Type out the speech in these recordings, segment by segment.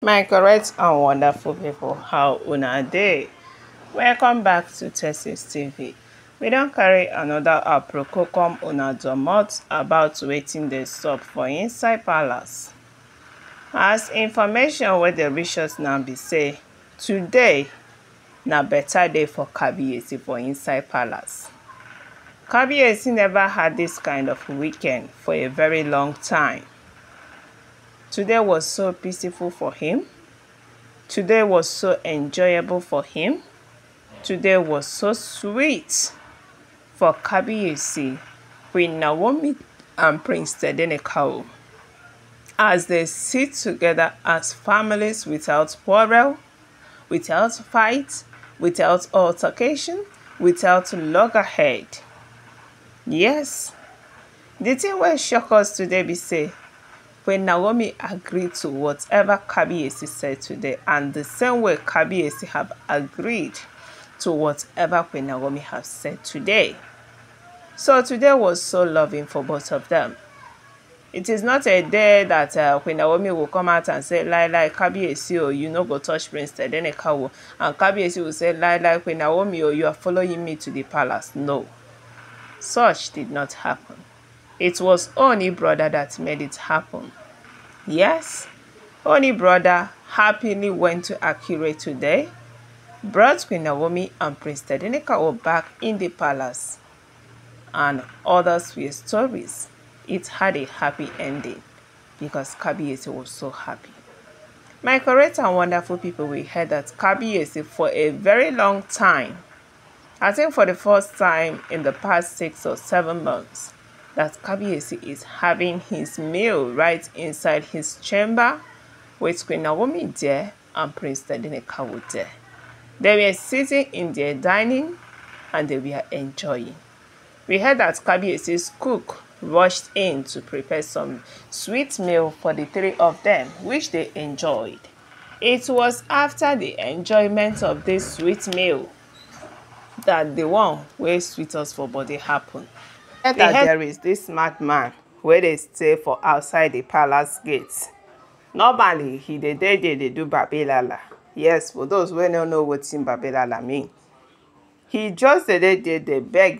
my correct and wonderful people how una dey welcome back to texas tv we don't carry another aproko come una domot about waiting the sup for inside palace as information with the reach us now be say today na better day for kabiyesi for inside palace kabiyesi never had this kind of weekend for a very long time Today was so peaceful for him. Today was so enjoyable for him. Today was so sweet for Kabi. Kabiyesi, Queen Naomi, and Prince Tedenekau. As they sit together as families without quarrel, without fight, without altercation, without loggerhead. Yes, the thing will shock us today be say, when Naomi agreed to whatever Kabiesi said today, and the same way Kabiesi have agreed to whatever Queen Naomi have said today. So today was so loving for both of them. It is not a day that uh, Queen Naomi will come out and say, lie, lie, Kabiesi, oh, you no go touch Prince Tedenekawo. And Kabiesi will say, lie, lie, Queen Naomi, oh, you are following me to the palace. No. Such did not happen. It was Oni brother that made it happen. Yes, Oni brother happily went to Akure today, brought Queen Naomi and Prince were back in the palace, and others with stories. It had a happy ending because Kabiyesi was so happy. My correct and wonderful people, we heard that Kabiyesi for a very long time, I think for the first time in the past six or seven months, that Kabiyesi is having his meal right inside his chamber with Queen Naomi there and Prince Tendinekawu there. They were sitting in their dining and they were enjoying. We heard that Kabiyesi's cook rushed in to prepare some sweet meal for the three of them, which they enjoyed. It was after the enjoyment of this sweet meal that the one where sweetest for body happened. that there is this madman where they stay for outside the palace gates. normally he dey dey they dey do babelala yes for those who don't know what wetin babelala mean he just dey dey they dey beg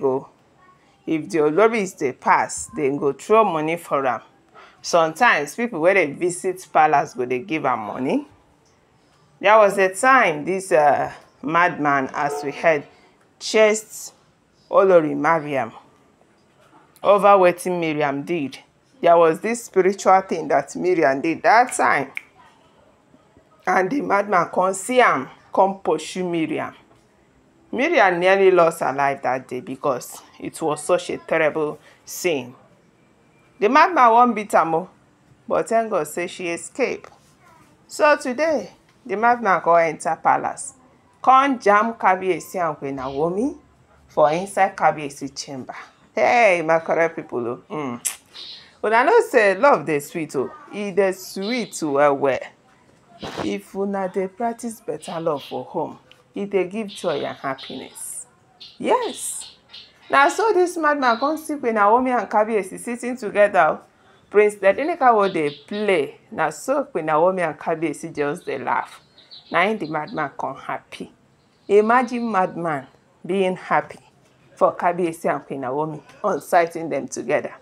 if the oloris dey pass dem go throw money for am sometimes people where they visit palace go they give am money there was a time this uh, madman as we heard chased olori mariam over wetin Miriam did. There was this spiritual thing that Miriam did that time. And the madman come see am, come pursue Miriam. Miriam nearly lost her life that day because it was such a terrible sin. The madman won't beat her more, but thank God say she escaped. So today, the madman go enter palace, come jam Kabiyesi and Queen Naomi for inside Kabiyesi chamber hey my correct people o oh. hmm. but I know say love dey sweet Oh, e dey sweet well well if una they practice better love for home e they give joy and happiness yes Now so this madman come sleep queen naomi and kabiyesi sitting together oh. prince dedinikawo they play Now so when naomi and kabiyesi just they laugh Now im the madman come happy imagine madman being happy for Kabiesi and Queen Naomi on citing them together.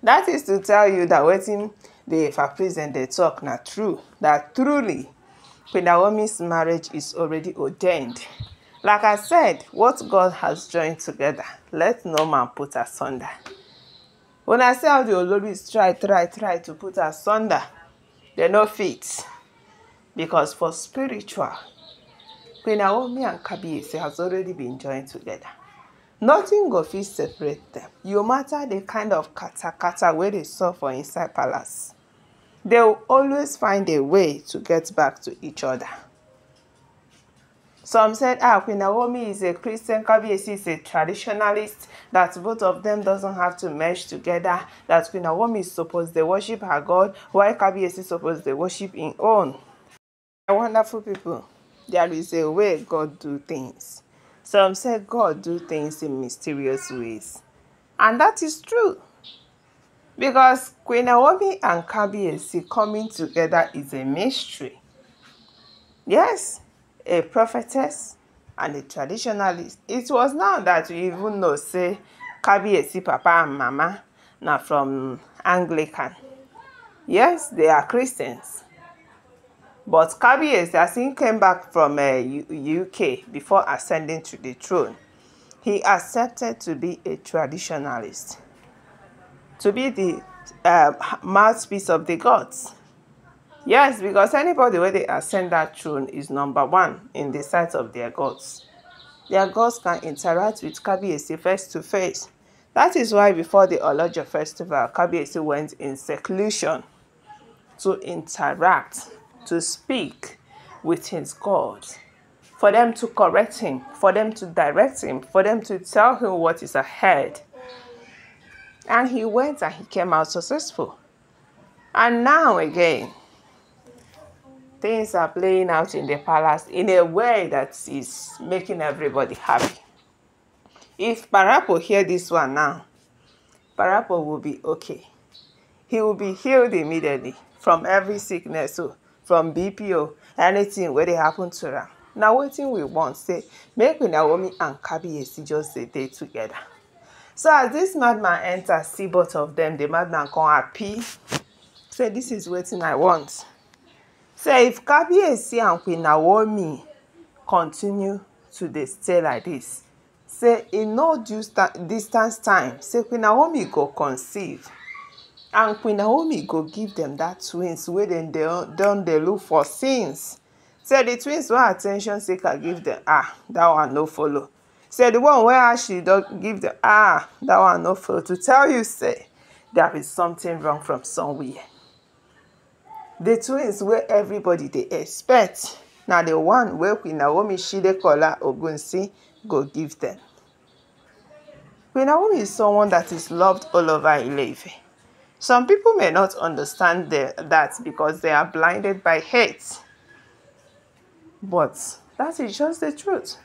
That is to tell you that wetin the Fapriz and they talk not true, that truly Queen Naomi's marriage is already ordained. Like I said, what God has joined together, let no man put asunder. When I say how the Oloris try, try, try to put asunder, they no fit. Because for spiritual, Queen Naomi and Kabiesi has already been joined together. nothing go fit separate them. no matter the kind of katakata wey dey sup for inside palace they will always find a way to get back to each other some said ah queen naomi is a christian kabiyesi is a traditionalist that both of them doesn't have to merge together that queen naomi supposed to worship her god while kabiyesi supposed to worship im own. my wonderful people there is a way god do things Some say God do things in mysterious ways. And that is true. Because Queen Naomi and Kabi Esi coming together is a mystery. Yes, a prophetess and a traditionalist. It was now that we even know, say, Kabi Esi Papa and Mama, now from Anglican. Yes, they are Christians. But Kabi Yasin came back from uh, UK before ascending to the throne. He accepted to be a traditionalist, to be the uh, mouthpiece of the gods. Yes, because anybody where they ascend that throne is number one in the sight of their gods. Their gods can interact with Kabiyesi face to face. That is why before the Olojo festival, Kabiyesi went in seclusion to interact to speak with his God, for them to correct him, for them to direct him, for them to tell him what is ahead. And he went and he came out successful. And now again, things are playing out in the palace in a way that is making everybody happy. If Parapo hear this one now, Parapo will be okay. He will be healed immediately from every sickness. So from bpo anything wey dey happen to am na wetin we want say make queen naomi and kabiyesi just dey dey togeda so as this madman enta see both of them. The madman come happy say this is wetin i want say if kabiyesi and queen naomi continue to dey stay like this, say in no distance time say queen naomi go conceive and queen naomi go give dem dat twins wey dem don dey look for since say di twins wey at ten tion seeker give dem ah dat one no follow say di one wey ashley give dem ah dat one no follow to tell you say there is something wrong from somewhere di twins wey everybody dey expect na di one wey queen naomi shidekola ogunsi go give dem queen naomi is someone that is loved all over ileife Some people may not understand the, that because they are blinded by hate. But that is just the truth.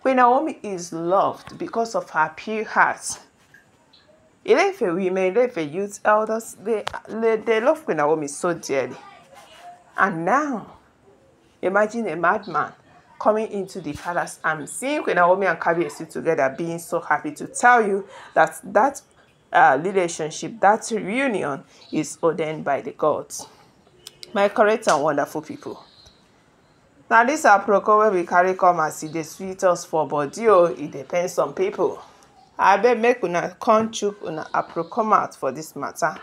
Queen Naomi is loved because of her pure heart. Ilefe women, Ilefe youth elders, they, they love Queen Naomi so dearly. And now, imagine a madman coming into the palace and seeing Queen Naomi and Kabi Esi together being so happy to tell you that that uh, relationship, that reunion is ordained by the gods. My correct and wonderful people. Now, this aproko wey we carry come as e dey sweet us for body o oh, it depends on people. I bet make una come chook una aproko out for this matter.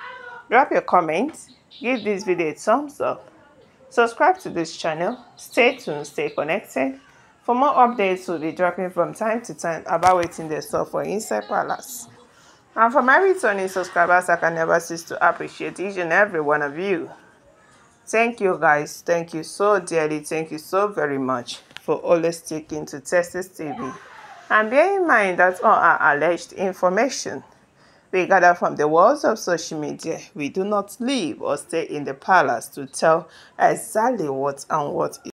drop your comments. give this video a thumbs up subscribe to this channel stay tuned stay connected for more updates we we'll be dropping from time to time about wetin the store for inside palace And for my returning subscribers, I can never cease to appreciate each and every one of you. Thank you guys. Thank you so dearly. Thank you so very much for always sticking to Testis TV. And bear in mind that all our alleged information we gather from the walls of social media. We do not leave or stay in the palace to tell exactly what and what is.